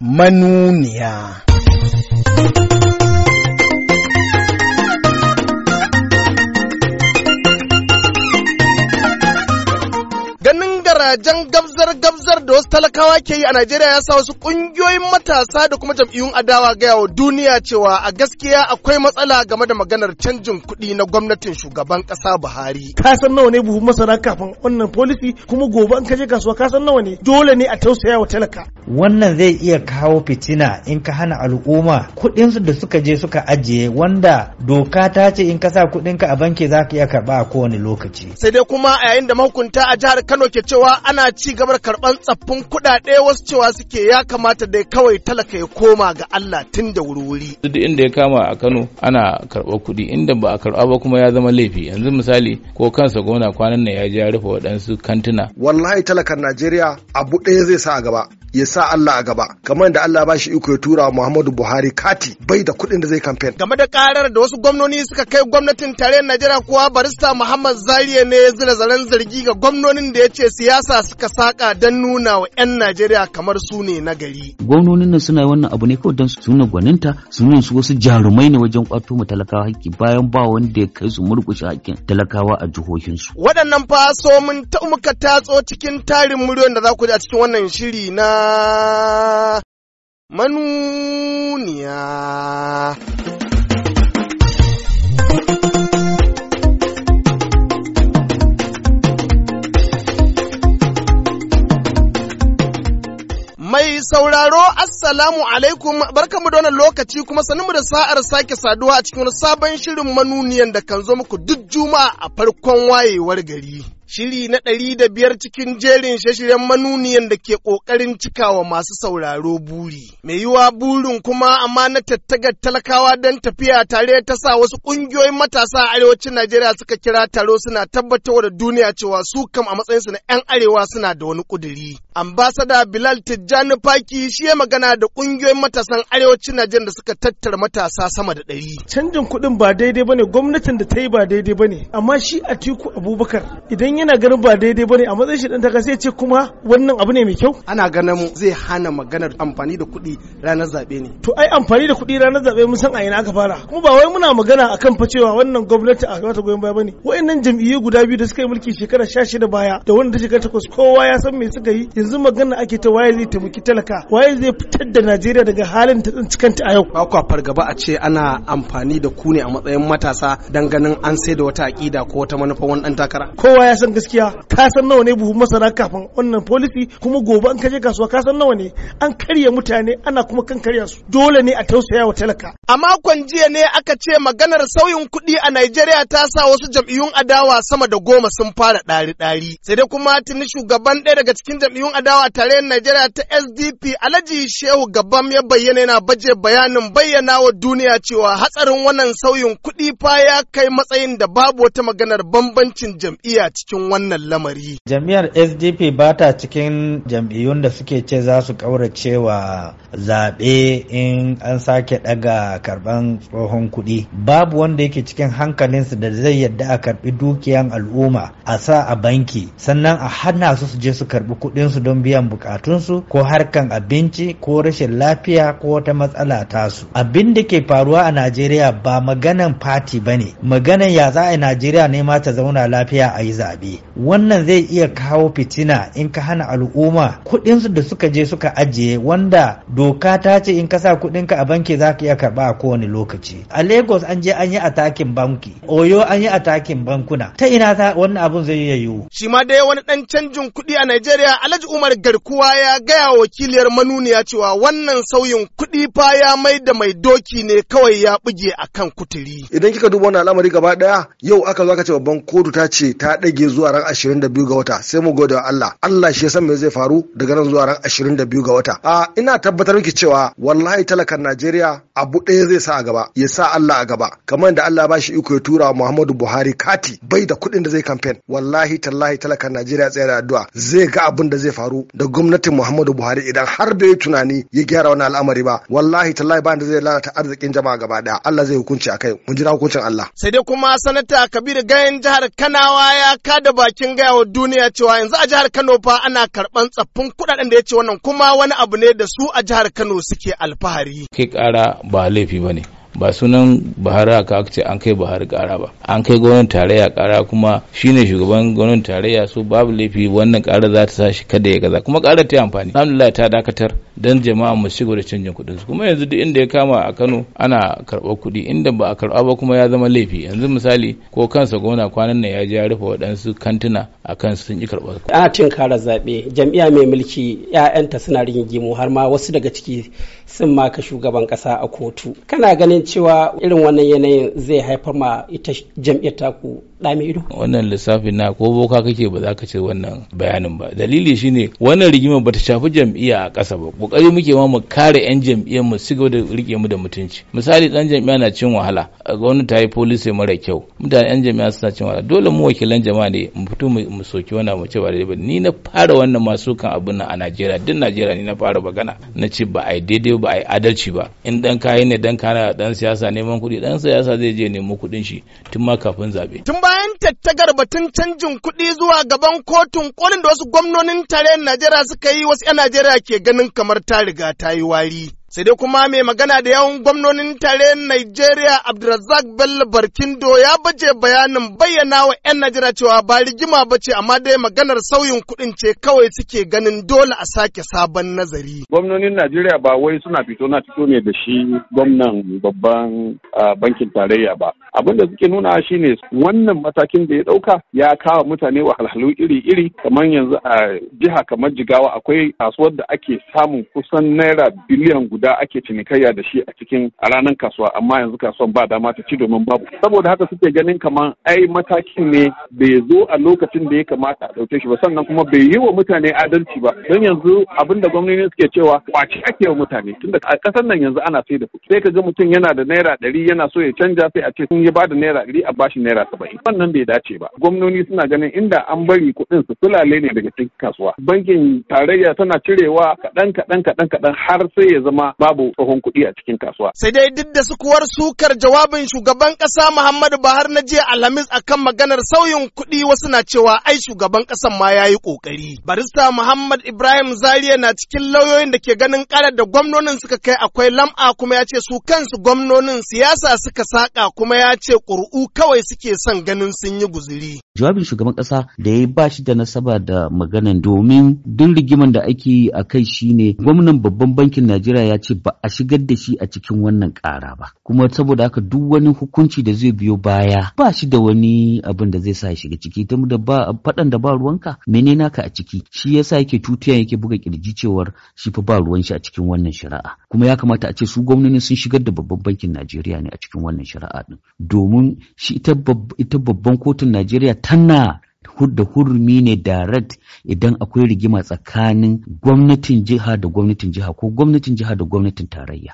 manuniya. barajen gamzar-gamzar da wasu talakawa ke yi a Najeriya ya sa wasu ƙungiyoyin matasa da kuma jam'iyyun adawa gaya wa duniya cewa a gaskiya akwai matsala game da maganar canjin kuɗi na gwamnatin shugaban ƙasa Buhari. Ka san nawa ne buhu masana kafin wannan policy kuma gobe an kaje kasuwa ka san nawa ne dole ne a tausaya wa talaka. Wannan zai iya kawo fitina in ka hana al'umma kuɗinsu da suka je suka ajiye wanda doka ta ce in ka sa kuɗinka a banki za ka iya karɓa a kowane lokaci. Sai dai kuma a yayin da mahukunta a jihar Kano ke cewa cewa ana ci gabar karɓan tsaffin kuɗaɗe wasu cewa suke ya kamata dai kawai talaka ya koma ga Allah tun da wuri-wuri. Duk inda ya kama a Kano ana karɓar kuɗi inda ba a karɓa ba kuma ya zama laifi yanzu misali ko kansa gona kwanan nan ya je ya rufe waɗansu kantuna. Wallahi talakan Najeriya abu ɗaya zai sa a gaba ya sa Allah a gaba kamar da Allah ba shi iko ya tura Muhammadu Buhari kati bai da kuɗin da zai campaign game da karar da wasu gwamnoni suka kai gwamnatin tarayyar Najeriya kuwa barista Muhammad Zariya ne ya zira zaren zargi ga gwamnonin da ya ce siyasa suka saka don nuna wa 'yan Najeriya kamar su ne na gari gwamnonin nan suna wannan abu ne kawai don su nuna gwaninta su nuna su wasu jarumai ne wajen kwato mu talakawa hakki bayan ba wanda ya kai su murƙushe hakkin talakawa a jihohinsu waɗannan fa so mun ta muka tatso cikin tarin muryoyin da za ku ji a cikin wannan shiri na manuniya. Mai sauraro as Assalamu alaikum barka da wannan lokaci kuma sanin da sa'ar sake saduwa a cikin sabon shirin manuniyan da kan zo muku duk juma'a a farkon wayewar gari. Shiri na ɗari da biyar cikin jerin shashiren manuniyan da ke ƙoƙarin cikawa masu sauraro buri. Mai yiwa burin kuma amma na tattagar talakawa don tafiya tare ta sa wasu ƙungiyoyin matasa a arewacin Najeriya suka kira taro suna tabbatarwa da duniya cewa su kam a matsayinsu na 'yan arewa suna da wani ƙuduri. Ambasada Bilal Tijjani Faki shi ya magana da ƙungiyoyin matasan arewacin Najeriya da suka tattara matasa sama da ɗari. Canjin kuɗin ba daidai bane gwamnatin da ta yi ba daidai bane amma shi Atiku Abubakar idan yana ganin ba daidai bane a matsayin shi ɗan ta sai ce kuma wannan abu ne mai kyau. Ana ganin zai hana maganar amfani da kuɗi ranar zaɓe ne. To ai amfani da kuɗi ranar zaɓe mun san a ina aka fara kuma ba wai muna magana akan facewa cewa wannan gwamnati a wata goyon baya bane. Wa'annan jam'iyyu guda biyu da suka yi mulki shekara shida baya da wanda ta shekara takwas kowa ya san me suka yi yanzu magana ake ta waye zai taimaki talaka waye zai fitar fitar da Najeriya daga halin ta cikanta a yau. Ba kwa fargaba a ce ana amfani da ku ne a matsayin matasa dan ganin an sai da wata aƙida ko wata manufa wani ɗan takara. Kowa ya san gaskiya ka san nawa ne buhun masara kafin wannan policy kuma gobe an kaje kasuwa ka san nawa ne an karya mutane ana kuma kan karya su dole ne a tausaya wa talaka. A makon jiya ne aka ce maganar sauyin kuɗi a Najeriya ta sa wasu jam'iyyun adawa sama da goma sun fara ɗari-ɗari. Sai dai kuma tuni shugaban ɗaya daga cikin jam'iyyun adawa tarayyar Najeriya ta SDP Alhaji Shehu Yau gabam ya bayyana yana baje bayanin bayyana wa duniya cewa hatsarin wannan sauyin kuɗi fa ya kai matsayin da babu wata maganar bambancin jam'iyya cikin wannan lamari. Jam'iyyar SDP ba ta cikin jam'iyyun da suke ce za su ƙaurace wa zaɓe in an sake ɗaga karɓan tsohon kuɗi. Babu wanda yake cikin hankalinsu da zai yadda a karɓi dukiyan al'umma a sa a banki sannan a hana su su je su karɓi kuɗinsu don biyan buƙatunsu ko harkan abinci ko rashin lafiya ko wata matsala tasu abin da ke faruwa a najeriya ba maganan fati ba ne maganan ya za a najeriya ne ma ta zauna lafiya a yi zaɓe wannan zai iya kawo fitina in ka hana al'umma kuɗinsu da suka je suka ajiye wanda doka ta ce in ka sa kuɗinka a banki za ka iya karɓa a kowane lokaci a lagos an je an yi atakin banki oyo an yi atakin bankuna ta ina ta wannan abun zai iya yiwu shi ma dai wani ɗan canjin kuɗi a najeriya alhaji umar garkuwa ya gaya wakiliyar manuniya cewa cewa wannan sauyin kuɗi fa ya mai da mai doki ne kawai ya buge a kan kuturi. Idan kika duba wannan al'amari gaba ɗaya yau aka zo aka ce babban kotu ta ce ta ɗage zuwa ran 22 ga wata sai mu gode wa Allah. Allah shi ya san me zai faru daga nan zuwa ran ashirin 22 ga wata. A ina tabbatar miki cewa wallahi talakan Najeriya abu ɗaya zai sa a gaba ya sa Allah a gaba kamar da Allah ba shi iko ya tura Muhammadu Buhari kati bai da kuɗin da zai kamfen wallahi tallahi talakan Najeriya tsaye da addu'a zai ga abin da zai faru da gwamnatin Muhammadu Buhari idan har bai tunani yi ya gyara wani al'amari ba wallahi tallahi ba da zai lalata arzikin jama'a gaba daya Allah zai hukunci akai mun jira hukuncin Allah sai dai kuma sanata Kabir Gayen jihar Kanawa ya da bakin gaya wa duniya cewa yanzu a jihar Kano fa ana karban tsaffin kudaden da ya ce wannan kuma wani abu ne da su a jihar Kano suke alfahari kai kara ba laifi bane ba sunan buhari aka ce an kai bahar kara ba an kai gwamnatin tarayya kara kuma shine shugaban gwamnatin tarayya so babu laifi wannan kara za ta sa shi kada ya gaza kuma kara ta yi amfani alhamdulillah ta dakatar dan jama'a mu shigo da canjin kuɗin su kuma yanzu duk inda ya kama a Kano ana karɓar kuɗi inda ba a karɓa ba kuma ya zama laifi yanzu misali ko kansa gona kwanan nan ya ji ya rufe waɗansu kantuna a kan sun yi karɓar su. Ana cin kara zaɓe jam'iyya mai mulki 'ya'yanta suna rigimu har ma wasu daga ciki sun maka shugaban ƙasa a kotu. Kana ganin cewa irin wannan yanayin zai haifar ma ita jam'iyyar taku ɗame ido. Wannan lissafin na ko boka kake ba za ka ce wannan bayanin ba dalili shine wannan rigimar bata shafi jam'iyya a ƙasa ba kokari muke ma mu kare yan jam'iyyar mu su da rike mu da mutunci misali dan jam'iyya na cin wahala a gwamnati ta yi police mara kyau mutane yan jam'iyya suna cin wahala dole mu wakilan jama'a ne mu fito mu soki wannan mu ce ba ni na fara wannan masu kan abin nan a Najeriya duk Najeriya ni na fara magana na ce ba ai daidai ba ai adalci ba in dan kayi ne dan kana dan siyasa neman kuɗi dan siyasa zai je nemo kuɗin shi tun ma kafin zabe tun bayan tattagar batun canjin kuɗi zuwa gaban kotun kolin da wasu gwamnonin tare Najeriya suka yi wasu 'yan Najeriya ke ganin kamar tali ta riga ta sai dai kuma mai magana da yawan gwamnonin tare Najeriya Abdulrazak Bello Barkindo ya baje bayanin bayyana wa 'yan Najeriya cewa ba rigima ba ce amma dai maganar sauyin kuɗin ce kawai suke ganin dole a sake sabon nazari. Gwamnonin Najeriya ba wai suna fito na fito ne da shi gwamnan babban bankin tarayya ba. Abin da suke nuna shi ne wannan matakin da ya ɗauka ya kawo mutane wahalhalu iri-iri kamar yanzu a jiha kamar Jigawa akwai kasuwar da ake samun kusan naira biliyan guda ake cinikayya da shi a cikin a ranar kasuwa amma yanzu kasuwan ba dama ta ci domin babu saboda haka suke ganin kamar ai matakin ne bai zo a lokacin da ya kamata a ɗauke shi ba sannan kuma bai yi wa mutane adalci ba don yanzu abin da gwamnati suke cewa kwaci ake wa mutane tunda a kasar nan yanzu ana sai da kuɗi sai ka ga mutum yana da naira ɗari yana so ya canja sai a ce sun ya bada naira ɗari a bashi naira saba'in wannan bai dace ba gwamnoni suna ganin inda an bari kuɗin su sulale ne daga cikin kasuwa bankin tarayya tana cirewa kaɗan kaɗan kaɗan kaɗan har sai ya zama babu tsohon kuɗi a cikin kasuwa. Sai dai duk da sukuwar sukar jawabin shugaban ƙasa Muhammadu Buhari na jiya Alhamis akan maganar sauyin kuɗi wasu na cewa ai shugaban ƙasan ma ya yi ƙoƙari. Barista Muhammad Ibrahim Zariya na cikin lauyoyin da ke ganin ƙarar da gwamnonin suka kai akwai lam'a kuma ya ce su kansu gwamnonin siyasa suka saƙa kuma ya ce ƙuri'u kawai suke son ganin sun yi guziri. Jawabin shugaban ƙasa da ya ba shi da nasaba da maganan domin duk rigiman da ake yi a kai shine gwamnan babban bankin Najeriya ya ya ce ba a shigar da shi a cikin wannan ƙara ba kuma saboda haka duk wani hukunci da zai biyo baya ba shi da wani abin da zai sa shiga ciki ta da ba faɗan da ba ruwanka mene naka a ciki shi yasa yake tutiya yake buga kirji cewar shi fa ba ruwan shi a cikin wannan shari'a kuma ya kamata a ce su gwamnoni sun shigar da babban bankin Najeriya ne a cikin wannan shari'a din domin shi ita babban kotun Najeriya tana hudda hurumi ne direct idan akwai rigima tsakanin gwamnatin jiha da gwamnatin jiha ko gwamnatin jiha da gwamnatin tarayya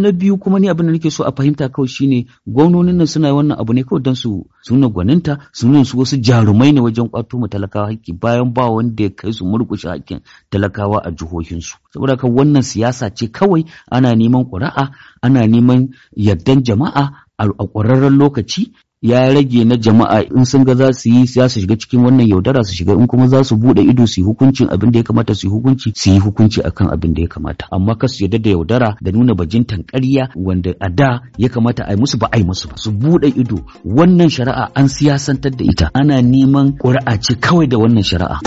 na biyu kuma ni abin da nake so a fahimta kawai shine gwamnonin nan suna wannan abu ne kawai don su suna gwaninta sunan su wasu jarumai ne wajen kwato mu talakawa haƙƙi bayan ba wanda ya kai su murƙushe haƙƙin talakawa a jihohinsu saboda haka wannan siyasa ce kawai ana neman ƙuri'a ana neman yardan jama'a a ƙwararren lokaci ya rage na jama'a in sun ga za su yi su shiga cikin wannan yaudara su shiga in kuma za su bude ido su yi hukuncin abin da ya kamata su yi hukunci su yi hukunci akan abin da ya kamata amma ka su yarda da yaudara da nuna bajintan ƙarya wanda a da ya kamata a yi musu ba a yi musu ba su bude ido wannan shari'a an siyasantar da ita ana neman ƙuri'a ce kawai da wannan shari'a.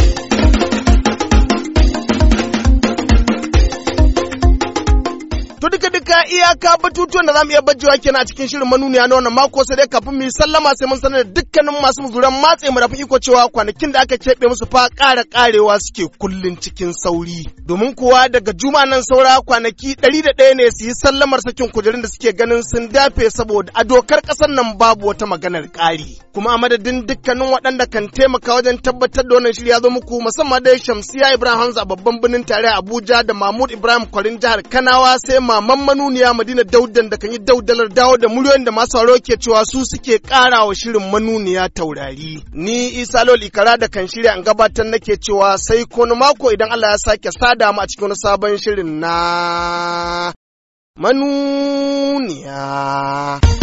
iyaka iyaka batutuwan da zamu iya bajewa kenan a cikin shirin manuniya na wannan mako sai dai kafin mu sallama sai mun sanar da dukkanin masu muzuran matse mu da iko cewa kwanakin da aka keɓe musu fa ƙara ƙarewa suke kullun cikin sauri domin kuwa daga juma nan saura kwanaki ɗari da ɗaya ne su yi sallamar sakin kujerun da suke ganin sun dafe saboda a dokar kasar nan babu wata maganar ƙari kuma a madadin dukkanin waɗanda kan taimaka wajen tabbatar da wannan shirya zo muku musamman dai Shamsiya Ibrahim a babban birnin tare Abuja da Mahmud Ibrahim Kwarin jihar Kanawa sai maman manuniya madina daudan da kan yi daudalar dawo da muryoyin da masu sauraro ke cewa su suke kara wa shirin manuniya taurari ni isa lol ikara da kan shirya an gabatar nake cewa sai kono mako idan allah ya sake sada mu a cikin wani sabon shirin na manuniya.